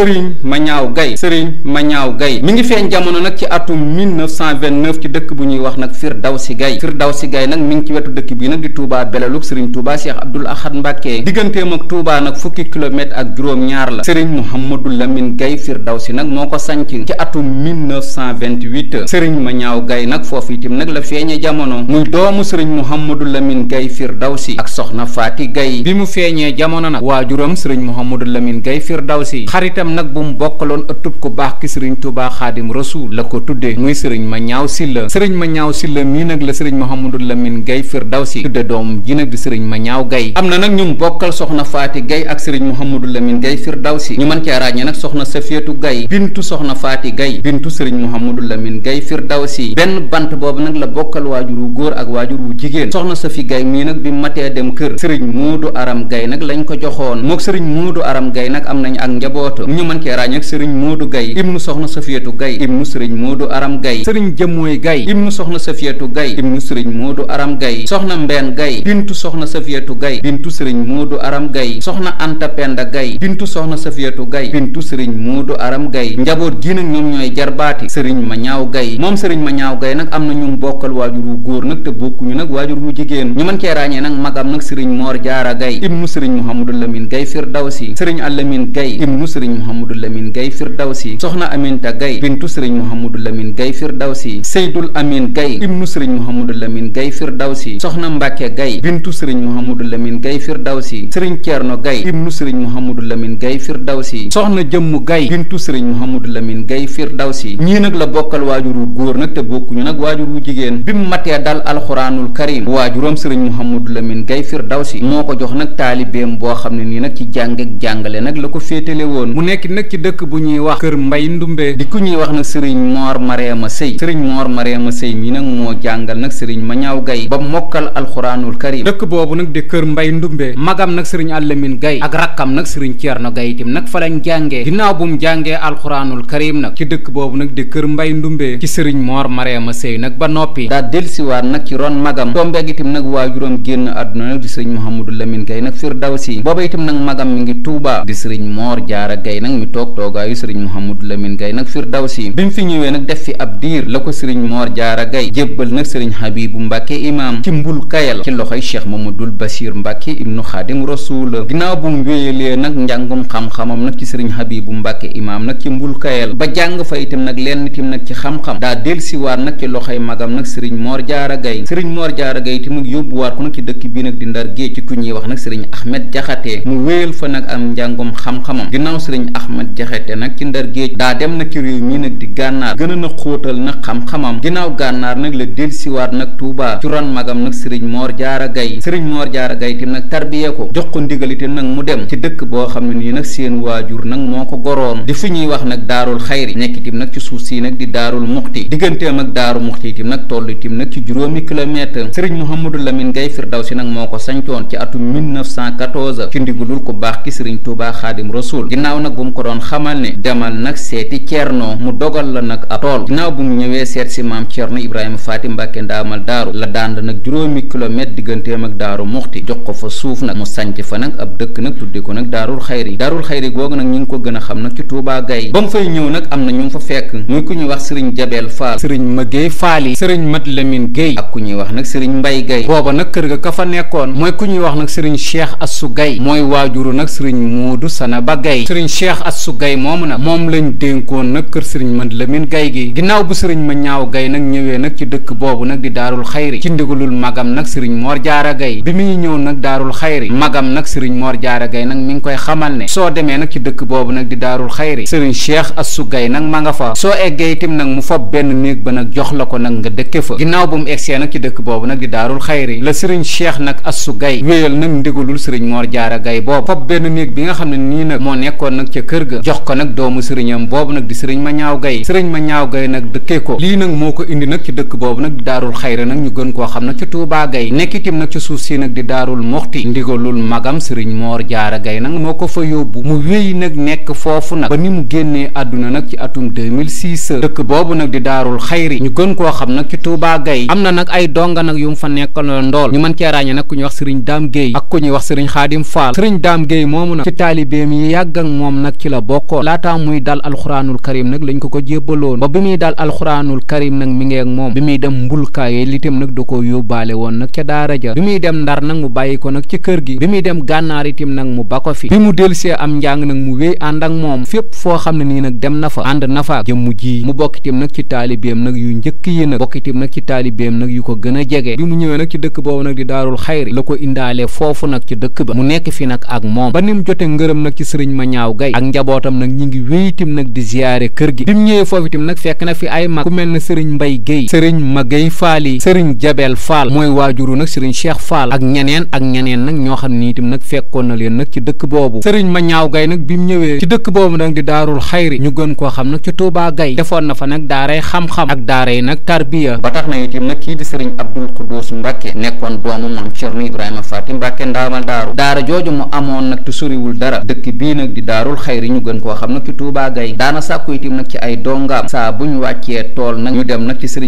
Serigne Mañaaw Gaye Serigne Mañaaw Gaye mi ngi feeñ jamono nag ci atum 1929 ci dëkk bu ñuy wax nag daw si Firdawsi daw Firdawsi gay nag mi ngi ci wetu dëkk bii nag di Touba Belalug Serigne Touba Cheikh Abdoul Ahad Mbacké digganteem ak Touba nag fukki kilomètre ak juróom-ñaar la Serigne Mouhamadou Lamine Gaye Firdawsi nag moo ko sanc ci atum 1928 Serigne Mañaaw Gaye nag foofu itam nag la feeñee jamono muy doomu Serigne Mouhamadou Lamine Gaye Firdawsi ak soxna Faati gay bi mu feeñee jamono nag waajuram Serigne Mouhamadou Lamine Gaye Firdawsi xaritam xam nag bu mu bokkaloon ëttub ku baax ki sëriñ Tuubaa Xaadim Rasuul la ko tuddee muy sëriñ Mañaaw Silla sëriñ Mañaaw Silla mii nag la sëriñ Mouhamadou Lamine Gaye Firdawsi tudde doom ji nag di sëriñ Mañaaw Gaye am na nag ñu bokkal soxna Faati gay ak sëriñ Mouhamadou Lamine Gaye Firdawsi ñu mën cee ràññee nag soxna Safiyatu Gaye bintu soxna Faati gay bintu sëriñ Mouhamadou Lamine Gaye Firdawsi benn bant boobu nag la bokkal waajur wu góor ak waajur wu jigéen soxna Safi Gaye mii nag bi matee dem kër sëriñ Moodu Aram gay nag lañ ko joxoon mook sëriñ Moodu Aram gay nag am nañu ak njabootu ñu mën cee ràññeek sëriñ Modou Gaye ibnu soxna Safiyatu Gaye ibnu sëriñ Modou Aram Gaye sëriñ Jëmmooy Gaye ibnu soxna Safiyatu Gaye ibnu sëriñ Modou Aram Gaye soxna Mbeen Gaye bintu soxna Safiyatu Gaye bintu sëriñ Modou Aram Gaye soxna Anta Penda Gaye bintu soxna Safiyatu Gaye bintu sëriñ Modou Aram Gaye njaboot gi nag ñoom ñooy jarbaati sëriñ Mañaaw Gaye moom sëriñ Mañaaw Gaye nag am na ñu bokkal waajur wu góor nag te bokkuñu nag waajur wu jigéen ñu mën cee nag magam nag sëriñ Moor Jaara Gaye ibnu sëriñ Mouhamadou Lamine Gaye Firdawsi sëriñ Alamine Gaye ibnu sëriñ Mouhamadou Lamine Gaye Firdawsi soxna Aminta Gaye bintu sëriñ Mouhamadou Lamine Gaye Firdawsi Seydul Amin Gaye ibnu sëriñ Mouhamadou Lamine Gaye Firdawsi soxna Mbacke gay bintu sëriñ Mouhamadou Lamine Gaye Firdawsi sëriñ Thierno Gaye ibnu sëriñ Mouhamadou Lamine Gaye si soxna Jëmmu Gaye bintu sëriñ Mouhamadou Lamine Gaye si ñii nag la bokkal waajur wu góor nag te bokkuñu nag waajur wu jigéen bi mu matee dal alxuraanul karim waajuram sëriñ Mouhamadou Lamine Gaye si moo ko jox nag taalibeem boo xam ne nii nag ci jàngeek jàngale nag la nekk nag ci dëkk bu ñuy wax kër mbay ndumbe di ku ñuy wax nag sëriñ moor mariama sëy sëriñ moor mariama sëy mi nag moo jàngal nag sëriñ ma ñaaw gay ba mokkal alxuraanul karim dëkk boobu nag di kër mbay ndumbe magam nag sëriñ àllamin gay ak rakkam nag sëriñ ceerno gay itam nag fa lañ jàngee ginnaaw bu jàngee alxuraanul karim nag ci dëkk boobu nag di kër mbay ndumbe ci sëriñ moor mariama sëy nag ba noppi daa delsiwaat nag ci ron magam tombeeg itam nag waajuram génn àdduna nag di sëriñ mouhamadou lamin gay nag firdawsi booba itam nag magam mi ngi tuubaa di sëriñ moor jaara gay nag mi toog toogaayu sëriñ Mouhamadou Lamine Gaye nag si bi mu fi ñëwee nag def fi ab diir la ko sëriñ Mor Jaara Gaye jébbal nag sëriñ Habibu Mbàkke imaam ci mbul kayal ci loxoy Cheikh Mamadul Basiir Mbàkke ibnu Xaadim Rasul ginnaaw bu mu wéyalee nag njàngum xam nag ci sëriñ Habibu Mbàkke imaam nag ci mbul kayeel ba jàng fa itam nag leen itam nag ci xam-xam daa delsiwaat nag ci loxoy magam nag sëriñ moor Jaara Gaye sëriñ Mor Jaara gay itam nag yóbbuwaat ko nag ci dëkk bii nag di Ndar Géej ci ku ñuy wax nag sëriñ Ahmed Jaxate mu wéyal fa nag am njàngum xam-xamam ginnaaw sëriñ Serigne Ahmad Jaxate nag ci ndar géej daa dem na ci réew mii nag di gànnaar gën a na xóotal nag xam-xamam ginnaaw gànnaar nag la delsiwaat nag Touba ci ron magam nag sëriñ Mor Jaara Gay Serigne Mor Jaara Gay tim nag tarbiye ko jox ko ndigal nag mu dem ci dëkk boo xam ne nii nag seen waajur nag moo ko goroon di fi ñuy wax nag daarul xayri nekk itam nag ci suuf si nag di daarul muxti digganteem ak daaru muxti itam nag toll itam nag ci juróomi kilomètre Serigne Mouhamadou Lamine Gay Firdawsi nag moo ko sancoon ci atum 1914 ci ndigalul ku baax ki Serigne Touba Xaadim Rasul ginnaaw bu mu ko doon xamal ne demal nag seeti Ceerno mu dogal la nag ab tool ginnaaw bu mu ñëwee seet si maam Ceerno Ibrahima Faati Mbàkke ndaamal daaru la dànd nag juróomi kilomètre digganteem ak daaru muxti jox ko fa suuf nag mu sanc fa nag ab dëkk nag tudde ko nag daarul xayri daarul xayri googu nag ñu ngi ko gën a xam nag ci Touba Gaye ba mu fay ñëw nag am na ñu mu fa fekk muy ku ñuy wax sëriñ Jabel Faal sëriñ Magéey Faal yi sëriñ Mat lemin Géey ak ku ñuy wax nag sëriñ Mbay Gaye booba nag kër ga ka fa nekkoon mooy ku wax nag sëriñ Cheikh Assu Gaye Cheikh Assou Gaye moomu nag moom lañ dénkoon nag kër sëriñ ma Lamine Gaye gi ginnaaw bu sëriñ ma ñaaw Gaye nag ñëwee nag ci dëkk boobu nag di daarul xayri ci ndigalul magam nag sëriñ Mor Jaara Gaye bi nag daarul xayri mi ngi koy xamal ne soo demee nag ci dëkk boobu nag di daarul xayri sëriñ Cheikh Assou Gaye nag ma nga fa soo eggee itam mu fob benn néeg ba nag jox la ko nag nga dëkke fa ginnaaw bu mu egsee nag ci dëkk boobu nag di daarul xayri la sëriñ Cheikh nag Assou Gaye wéyal nag ndigalul sëriñ Mor Jaara Gaye boobu fob benn néeg bi nga xam ne nii nag moo nekkoon nag ci ca kër ga jox ko nag doomu sëriñam boobu nag di sëriñ ma ñaaw gay sëriñ ma ñaaw gay nag ko lii nag moo ko indi nag ci dëkk boobu nag di daarul xayra nag ñu gën koo xam nag ci Touba gay nekk itam nag ci suuf si nag di daarul moxti ndigalul magam sëriñ moor jaara gay nag ko mu wéy nag nekk nag ba ni mu génnee àdduna nag ci atum 2006 dëkk nag di daarul xayri ñu gën koo xam nag ci Touba gay am na nag ay donga nag yu mu fa nekkaloon ndool ñu mën cee ràññee nag ku ñuy wax sëriñ daam géey ak ku ñuy wax sëriñ xaadim sëriñ daam géey moomu nag ci taalibeem yi yàgg moom nag nag ci la bokkoon laataa muy dal alxuraanul karim nag lañ ko ko ba bi muy dal alxuraanul karim nag mi ngi ak moom bi muy dem mbulkaaye litam nag da koo yóbbaale woon nag ca daara ja bi muy dem ndar nag mu bàyyi ko nag ci kër gi bi muy dem gànnaar itam nag mu ba ko fi bi mu delsee am njàng nag mu wéy ànd ak moom fépp foo xam ne nii nag dem na fa ànd na fa jëmm mu bokk itam nag ci taalibeem nag yu njëkk yi nag bokk nag ci taalibeem nag yu ko gën a jege bi mu ñëwee nag ci dëkk boobu nag di daarul xayri la ko indaale foofu nag ci dëkk ba mu nekk fi nag ba ni mu jote ngërëm mbay ak njabootam nag ñi ngi wéyitim nag di ziyaare kër gi bi mu ñëwee foofu itam nag fekk na fi ay mag ku mel na sëriñ mbay géy sëriñ magay faali sëriñ jabel faal mooy waajuru nag sëriñ cheikh faal ak ñeneen ak ñeneen nag ñoo xam ni itam nag fekkoon na leen nag ci dëkk boobu sëriñ ma ñaaw gay nag bi mu ñëwee ci dëkk boobu nag di daarul xayri ñu gën koo xam nag ci tuubaa gay defoon na fa nag daaray xam-xam ak daaray nag tarbiya ba tax na itam nag kii di sëriñ abdul quddus mbàkke nekkoon doomu maam cerno ibrahima faati ndaa ma daaru daara jooju mu amoon nag te soriwul dara dëkk bii nag di daarul xayri ñu gën koo xam nag ci Touba Gaye daana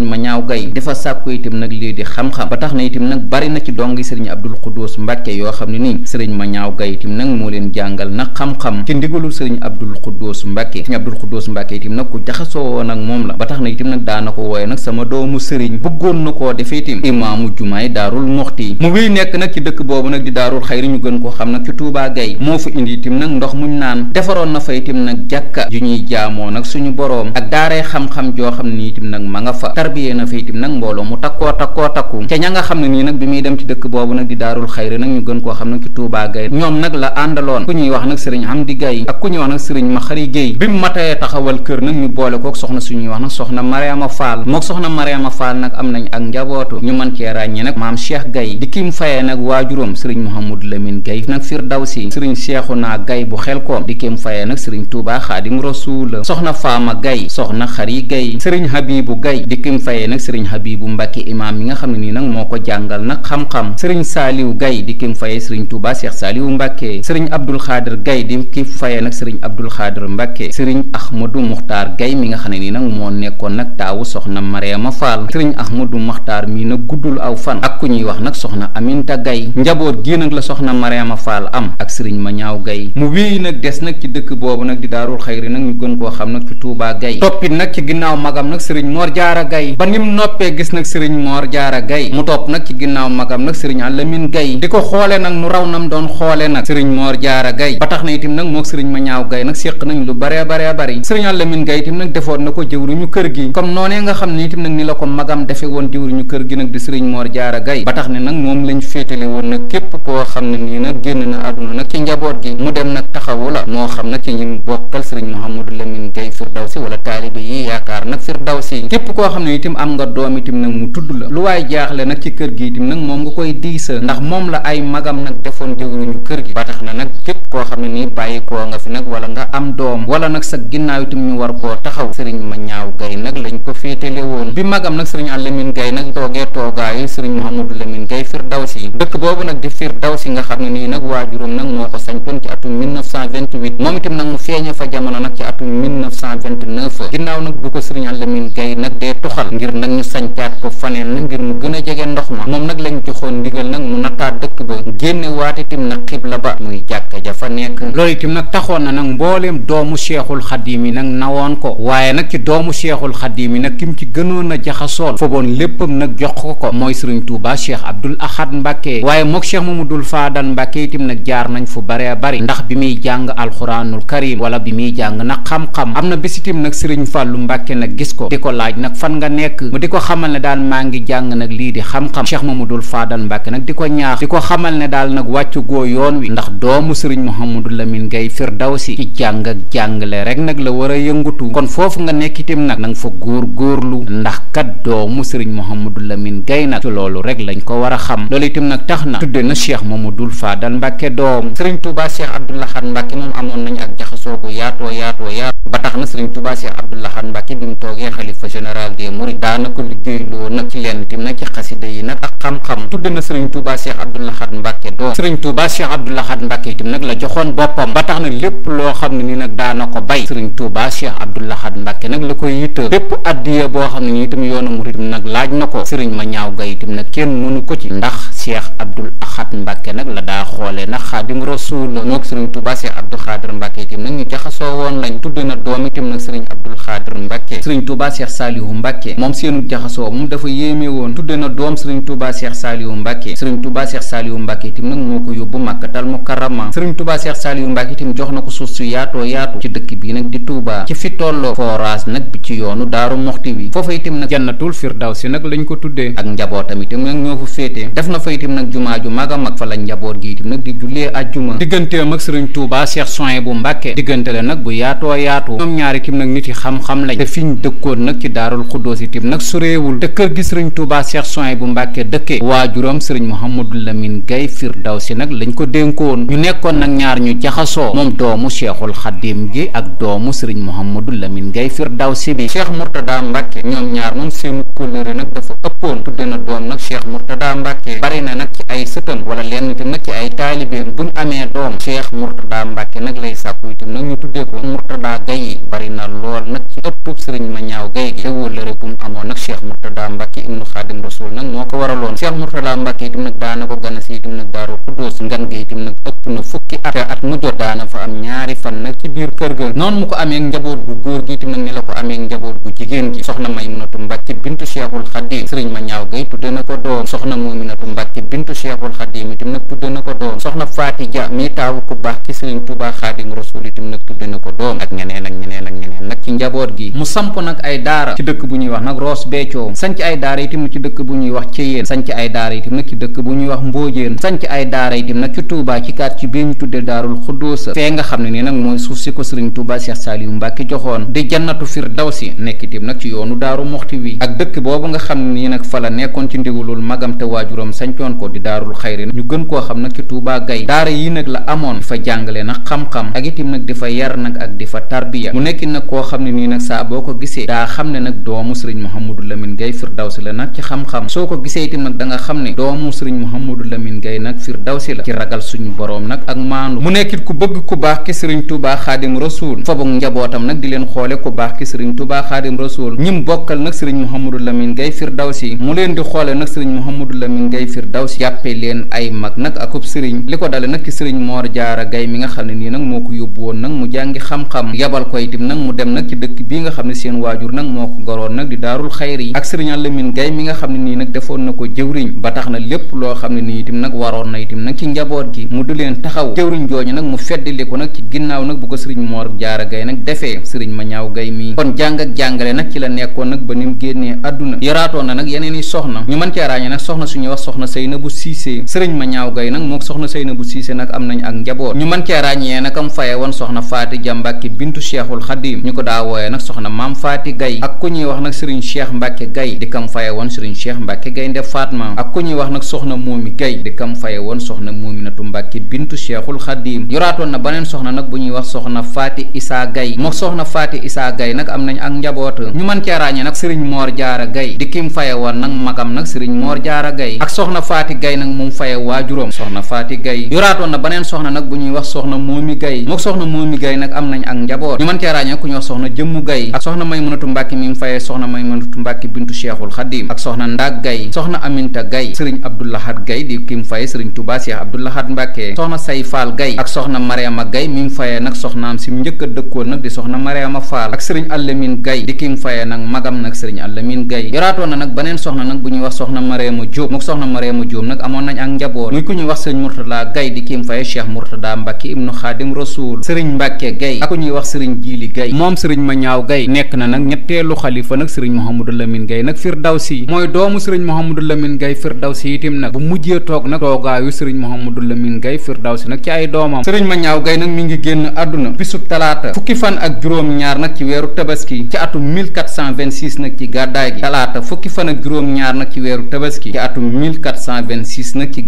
ma ñaaw gay dafa sàkku itam nag lii di xam-xam ba tax na itam nag bari na ci dongi sëriñ Abdul Xudoos Mbàkke yoo xam ne nii sëriñ ma ñaaw gay itam nag moo leen jàngal nag xam-xam ci ndigalul sëriñ Abdul Xudoos Mbàkke sëriñ Abdul Xudoos Mbàkke itam nag ku jaxasoo woon ak moom la ba tax na itam nag daana ko wooye nag sama doomu sëriñ bëggoon na koo def itam imaamu jumaay daarul muxti mu wéy nekk nag ci dëkk boobu nag di daarul xayri ñu gën koo xam nag ci Touba Gaye moo fa indi itam nag ndox muñ naan defaroon na fa itam nag jàkka ju ñuy jaamoo nag suñu boroom ak daaray xam-xam joo xam ne nag ma nga fa tarbiyee na fa itam nag mbooloo mu takkoo takkoo takku ca ña nga xam ne nii nag bi muy dem ci dëkk boobu nag di daarul xayri nag ñu gën koo xam nag ci Touba Gaye ñoom nag la àndaloon ku ñuy wax nag sëriñ Amdi Gaye ak ku ñuy wax nag sëriñ Maxari Gaye bi mu matee taxawal kër nag ñu boole kook soxna suñuy wax nag soxna Mariama Fall mook soxna Mariama Fall nag am nañ ak njabootu ñu mën cee ràññee nag maam Cheikh Gaye di kim fayee nag waajuram sëriñ Mouhamadou Lamine Gaye nag Firdawsi sëriñ Cheikhouna Gaye bu xel koom di kim mu fayee nag sëriñ Touba xaadim rasuul soxna Faama Gaye soxna Xari Gaye sëriñ Habibu Gaye di ki mu fayee nag sëriñ Habibu Mbacke imaam mi nga xam ne nii nag moo ko jàngal nag xam-xam sëriñ Saaliw Gaye di ki mu fayee sëriñ Touba Cheikh Saaliw Mbacke sëriñ Abdul Xaadir Gaye di ki fayee nag sëriñ Abdul Xaadir Mbacke sëriñ Ahmadou Muxtaar Gaye mi nga xam ne nii nag moo nekkoon nag taawu soxna Mariama Fall sëriñ Ahmadou Muxtaar mii nag guddul aw fan ak ku ñuy wax nag soxna Aminta Gaye njaboot gi nag la soxna Mariama Fall am ak sëriñ Mañaaw Gaye mu wéy nag des nag ci dëkk boobu nag di daarul xayri nag ñu gën koo xam nag ci Touba Gaye toppit nag ci ginnaaw magam nag sëriñ Mor Jaara Gaye ba nim noppee gis nag sëriñ Mor Jaara Gaye mu topp nag ci ginnaaw magam nag sëriñ Alamin Gaye di ko xoole nag nu raw nam doon xoole nag sëriñ Mor Jaara Gaye ba tax na itam nag mook sëriñ Mañaaw Gaye nag séq nañ lu baree baree bari sëriñ Alamin Gaye itam nag defoon na ko jëwriñu kër gi comme noonee nga xam ne itam nag ni la ko magam defe woon jëwriñu kër nag di sëriñ Mor Jaara Gaye ba tax ne nag moom lañ féetale woon nag képp koo xam ne nii nag génn na àdduna nag ci njaboot gi mu dem nag taxawu la xam nag ci ñun bokkal sëriñ Mouhamadou Lamine Gueye Firdawsi wala taalibe yi yaakaar nag Firdawsi képp koo xam ne itam am nga doom itam nag mu tudd la lu waaye jaaxle nag ci kër gi itam nag moom nga koy diisa ndax moom la ay magam nag defoon jëwriñu kër gi képp koo xam ne nii bàyyi koo nga fi nag wala nga am doom wala nag sa ginnaaw itam ñu war koo taxaw sëriñ ma ñaaw gay nag lañ ko féetale woon bi magam nag sëriñ Alamin gay nag toogee toogaayu sëriñ Mahamadou Lamine gay Firdawsi dëkk boobu nag di Firdawsi nga nii nag waajuram nag moo ko sañtoon ci atum 1928 moom itam nag mu feeña fa jamono nag ci atum 1929 ginnaaw nag bu ko sëriñ Alamin gay nag dee tuxal ngir nag ñu sañcaat ko faneen na ngir mu gën a jege ndox ma moom nag lañ joxoon ndigal nag mu nattaat dëkk ba génne waatitim na xibla ba muy jàkk jàkka ja fa nekk loolu itam nag taxoon na nag mbooleem doomu cheikhul xadim yi nag nawoon ko waaye nag ci doomu cheikhul xadim yi nag kim ci gënoon a jaxasool foboon léppam nag jox ko ko mooy sëriñ Touba cheikh Abdoul Ahad Mbacke waaye ma mu dul Fadal Mbacke itam nag jaar nañ fu bare bari ndax bi muy jàng alxuraanul karim wala bi muy jàng nag xam-xam am na bés itam nag sëriñ Fàllu Mbacke nag gis ko di ko laaj nag fan nga nekk mu di ko xamal ne daal maa ngi jàng nag lii di xam-xam cheikh Mamadou Fadal Mbacke nag di ko doomu sëriñ Mouhamadou Lamine Gaye Firdawsi ci jàng ak jàngale rek nag la war a yëngatu kon foofu nga nekk itam nag na nga fa góor góorlu ndax kat doomu sëriñ Mouhamadou Lamine Gaye nag ci loolu rek lañ ko war a xam loolu itam nag tax na tudde na Cheikh Mamadou Fadal Mbacke doom sëriñ Touba Cheikh Abdou Lahad Mbacke moom amoon nañu ak jaxasoo ko yaatoo yaatoo yaatoo ba tax na sëriñ Touba Cheikh Abdou Lahad Mbacke bi mu toogee xalifa général des Mourides daanaka liggéeyloo nag ci lenn tim nag ci xasida yi nag ak xam-xam tudde na sëriñ Touba Cheikh Abdou Lahad itam nag la joxoon boppam ba tax nag lépp loo xam ne ni nag daana ko bay sëriñ Touba Cheikh Abdou Lahad Mbacké nag la koy yitte bépp addiya boo xam ne ni itam yoonu murid itam nag laaj na ko sëriñ ma ñaaw gay itam nag kenn mënu ko ci ndax Cheikh Abdou Lahad Mbacké nag la daa xoolee nag Xaadim Rasuul moog sëriñ Touba Cheikh Abdou Khadir Mbacké itam nag ñu jaxasoo woon lañ tudd na doom itam nag sëriñ Abdou Khadir Mbacké sëriñ Touba Cheikh Saliou Mbacké moom seenu jaxasoo moom dafa yéeme woon tudde na doom sëriñ Touba Cheikh Saliou Mbacké sëriñ Touba Cheikh Saliou Mbacké itam nag moo ko yóbbu Makkatal Mukarrama développement sëriñ Touba Cheikh Saliou Mbacke itam jox na ko suuf su yaatoo yaatu ci dëkk bi nag di Touba ci bi ci yoonu daaru moxti wi foofa itam nag jannatul firdawsi nag lañ ko tuddee ak njabootam itam nag ñoo fa féetee def na fa itam nag jumaa ju mag a mag fa la njaboot gi itam nag di jullee ajjuma digganteem ak sëriñ Touba Cheikh Soin bu Mbacke diggante la nag bu yaatoo yaatu ñoom ñaari itam nag nit yi xam-xam lañ te fiñ dëkkoon nag ci daarul xuddoos itam nag suréewul te kër gi sëriñ Touba Cheikh Soin bu Mbacke dëkkee waajuram sëriñ Mouhamadou Lamine Gaye firdawsi nag lañ ko dénkoon kon nag ñaar ñu jaxasoo moom doomu cheikhul xadim gi ak doomu sëriñ Mouhamadou Lamine Gaye Firdawsi bi cheikh Mourtada Mbacke ñoom ñaar moom seenu kóllëre nag dafa ëppoon tudde na doom nag cheikh Mourtada Mbacke bari na nag ci ay sëtam wala lenn itam nag ci ay taalibeem buñ amee doom cheikh Mourtada Mbacke nag lay sàkku itam nag ñu tuddee ko Mourtada Gaye yi bari na lool nag ci ëpp sëriñ Mañaaw Gaye gi te wóllëre gum amoon nag cheikh Mourtada Mbacke ibnu Xaadim Rasul nag moo ko waraloon cheikh Mourtada Mbacke itam nag ko gana si itam nag daaru Xuddoos ngan gi itam nag ëpp fukki at at mu jot daana fa am ñaari fan nag ci biir kër ga noonu mu ko amee njaboot gu góor gi itam nag ni la ko amee njaboot gu jigéen gi soxna Maymunatu Mbàkke bintu Cheikhul Xadim sëriñ ma ñaaw na ko doom bintu Cheikhul Xadim itam nag tudde na ko doom soxna Faati mi taawu baax ki sëriñ Tuubaa Xaadim Rasuul nag tudde na ko doom ak ñeneen ak ñeneen ak ñeneen nag ci njaboot gi mu samp nag ay daara ci dëkk bu ñuy wax nag Ross Béthio sanc ay daara itam ci dëkk bu ñuy wax Ceyeen sanc ay daara itam nag ci dëkk bu ñuy wax Mbóojeen sanc ay bii ñu tuddee daarul xudduusa fee nga xam ne nii nag mooy suuf si ko sëriñ Tuuba Cheikh Saaliyu Mbàkke joxoon di jannatu firdawsi si itam nag ci yoonu daaru moxti wii ak dëkk boobu nga xam ne nii nag fa la nekkoon ci ndigalul magam te waajuram sañcoon ko di daarul xayri ñu gën koo xam nag ci Tuuba Gay daara yi nag la amoon di fa jàngale nag xam-xam ak itam nag di fa yar nag ak di fa tarbiya mu nekk nag koo xam ne nii nag saa boo ko gisee daa xam ne nag doomu sëriñ Mouhamadou Lamine Gaye firdawsi la nag ci xam soo ko gisee itam nag da nga xam ne doomu sëriñ Mouhamadou Lamine Gaye nag firdawsi la ci ragal suñu boroom nag nag ak maandu mu nekkit ku bëgg ku baax ki sëriñ Tuubaa xaadim rasuul fabog njabootam nag di leen xoole ku baax ki sëriñ Tuubaa xaadim rasuul ñim bokkal nag sëriñ Mouhamadou Lamine Gaye Firdawsi mu leen di xoole nag sëriñ Mouhamadou Lamine Gaye Firdawsi jàppe leen ay mag nag ak akub sëriñ li ko dale nag ci sëriñ Moor Jaara gay mi nga xam ne nii nag moo ko yóbbu woon nag mu jàngi xam-xam yabal ko itam nag mu dem nag ci dëkk bii nga xam ne seen waajur nag moo ko goroon nag di daarul xayri yi ak sëriñaa Lamine Gaye mi nga xam ne nii nag defoon na ko jëwriñ ba tax na lépp loo xam ne nii itam nag waroon na itam nag ci njaboot gi taxaw jëwriñ jooju nag mu fedd feddiliku nag ci ginnaaw nag bu ko sëriñ Mor Jaara Gay nag defee sëriñ ma ñaaw gay mii kon jàng ak nag ci la nekkoon nag ba ni mu génnee àdduna yaraatoon na nag yeneen i soxna ñu mën cee ràññee nag soxna suñuy wax soxna Seynabu Siise sëriñ ma ñaaw gay nag mook soxna Seynabu Siise nag am nañ ak njaboot ñu mën cee ràññee nag am faye woon soxna faati ja mbàkke bintu cheikhul xadim ñu ko daa wooye nag soxna maam faati gay ak ku ñuy wax nag sëriñ cheikh mbàkke gay di kam faye woon sëriñ cheikh mbàkke gay nde faatma ak ku ñuy wax nag soxna moomi gay di kam faye woon soxna moominatu mbàkke bintu cheikhul xadim yoraatoon na baneen soxna nag bu ñuy wax soxna faati isaa gay moo soxna faati isaa gay nag am nañ ak njaboot ñu man cee ràññee nag sëriñ moor jaara gay di kim faye woon nag magam nag sëriñ moor jaara gay ak soxna faati gay nag moom faye waajuram soxna faati gay yoraatoon na baneen soxna nag bu ñuy wax soxna moomi gay moo soxna moomi gay nag am nañ ak njaboot ñu mën cee ràññee ku ñuy wax soxna jëmmu gay ak soxna may mënatu mbàkki mi mu faye soxna may mënatu mbàkki bintu cheikhul xadim ak soxna ndaag gay soxna aminta gay sëriñ abdoulahat gay di kim faye sëriñ tubaa cheikh abdoulahat mbàkke soxna say faal gay ak soxna a gay mi mu fayee nag soxnaam si mu njëkk a dëkkoon nag di soxna mariama faal ak sëriñ allamin gay di ki mu fayee nag magam na bu ñuy wax soxna mariama jóob mu soxna mariama jóob nag amoon nañ ak njaboot muy ku ñuy wax sëriñ murtada gay di ki mu ibnu xaadim rasul sëriñ mbàkke gay ak ku ñuy wax sëriñ jiili gay moom sëriñ ma ñaaw gay nekk na nag ñetteelu xalifa nag sëriñ mohamadou lamin gay nag firdawsi mooy doomu sëriñ mohamadou lamin gay firdawsi itim nag bu mujjee toog nag toogaayu sëriñ mohamadou lamin gay firdawsi ndaw si nag ci ay doomam sëriñ ma ñaaw gay nag mi ngi génn àdduna bisub talaata fukki fan ak juróom-ñaar nag ci weeru tabaski ci atum 1426 nag ci gàddaay gi talaata fukki fan ak juróom-ñaar nag ci weeru tabaski ci atum 1426 gi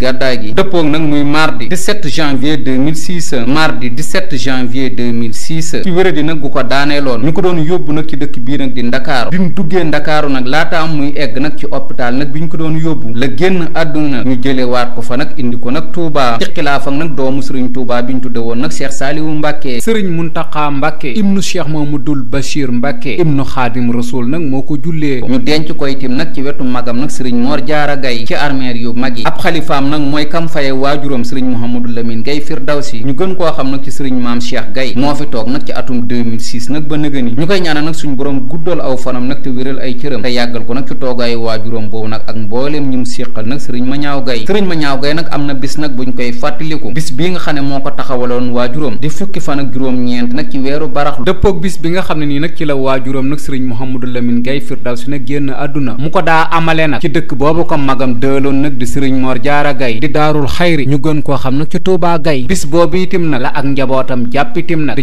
dëppoog nag muy mardi 17 janvier 2006 mardi 17 janvier 2006 ci wéradi nag gu ko daaneeloon ñu ko doon yóbbu nag ci dëkk bii nag di ndakaaru bi mu duggee ndakaaru nag laata am muy egg nag ci hôpital nag bi ñu ko doon yóbbu la génn àdduna ñu jëlewaat ko fa nag indi ko nag Tuubaa ci xilaafam nag doomu sëriñ Touba bi ñu tudde woon nag Cheikh Saliou Mbacke sëriñ Mountakha Mbacke ibnu Cheikh Mamadul Bachir Mbacke ibnu Xaadim Rasul nag moo ko jullee ñu denc koy tiim nag ci wetu magam nag sëriñ Mor Diarra Gaye ci armeer yu mag yi ab xalifaam nag mooy kam faye waajuram sëriñ Mouhamadou Lamine Gaye Firdawsi ñu gën koo xam nag ci sëriñ Maam Cheikh gay moo fi toog nag ci atum 2006 nag ba nëgëni ñu koy ñaanal nag suñu borom guddal aw fanam nag te wéral ay cërëm te yàggal ko nag ci toogaayu waajuram boobu nag ak mbooleem ñu mu séqal nag sëriñ Mañaaw Gaye sëriñ Mañaaw Gaye nag am na bis nag buñ koy fàttaliku bis bi nga xam ne moo ko taxawaloon waajuróom di fukki fan ak juróom-ñeent nag ci weeru baraxlu dëppoog bis bi nga xam ne nii nag ci la waajuróom nag sëriñ Mouhamadou Lamine Gaye Firdawsi nag génn àdduna mu ko daa amale nag ci dëkk boobu ko di ci Touba Gaye bis boobu itim nag la ak njabootam di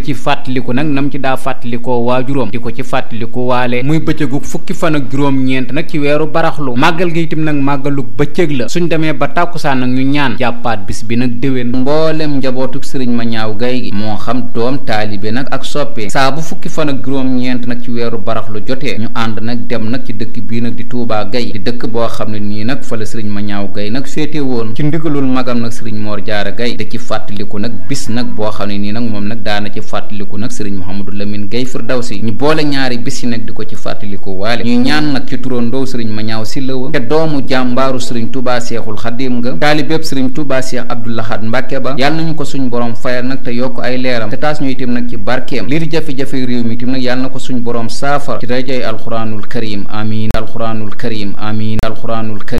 ci fàttaliku nag nam ci daa fàttalikoo waajuróom di ko ci fàttaliku waale muy bëccëgu fukki fan ak juróom-ñeent nag ci weeru baraxlu màggal gi itim nag màggalu bëccëg la suñ demee ba tàkkusaan nag ñu ñaan jàppaat bis bi nag déwén mboolem njabootuk sëriñ ma ñaaw gay gi moo xam doom taalibe nag ak soppe saa bu fukki fan ak juróom-ñeent nag ci weeru barax lu jotee ñu ànd nag dem nag ci dëkk bii nag di Touba gay di dëkk boo xam ne nii nag fa la sëriñ ma ñaaw gay nag féete woon ci ndigalul magam nag sëriñ Mor Jaara gay da ci fàttaliku nag bis nag boo xam ne nii nag moom nag daana ci fàttaliku nag sëriñ Mouhamadou Lamine Gay Firdawsi ñu boole ñaari bis yi nag di ko ci fàttaliku waale ñuy ñaan nag ci turóondoo sëriñ ma ñaaw si la woon te doomu jàmbaaru sëriñ Touba Seexul Xadim nga taalibeb sëriñ Touba Seex Abdou Lahad ba yàlla nañu ko suñ borom fayal nag te yokk ay leeram te taas ñu itam nag ci barkeem lii di jafe-jafe réew mi itam nag yàlla na ko suñ borom saafara ci dajay alxuraanul karim amin alxuraanul karim amin alxuraanul karim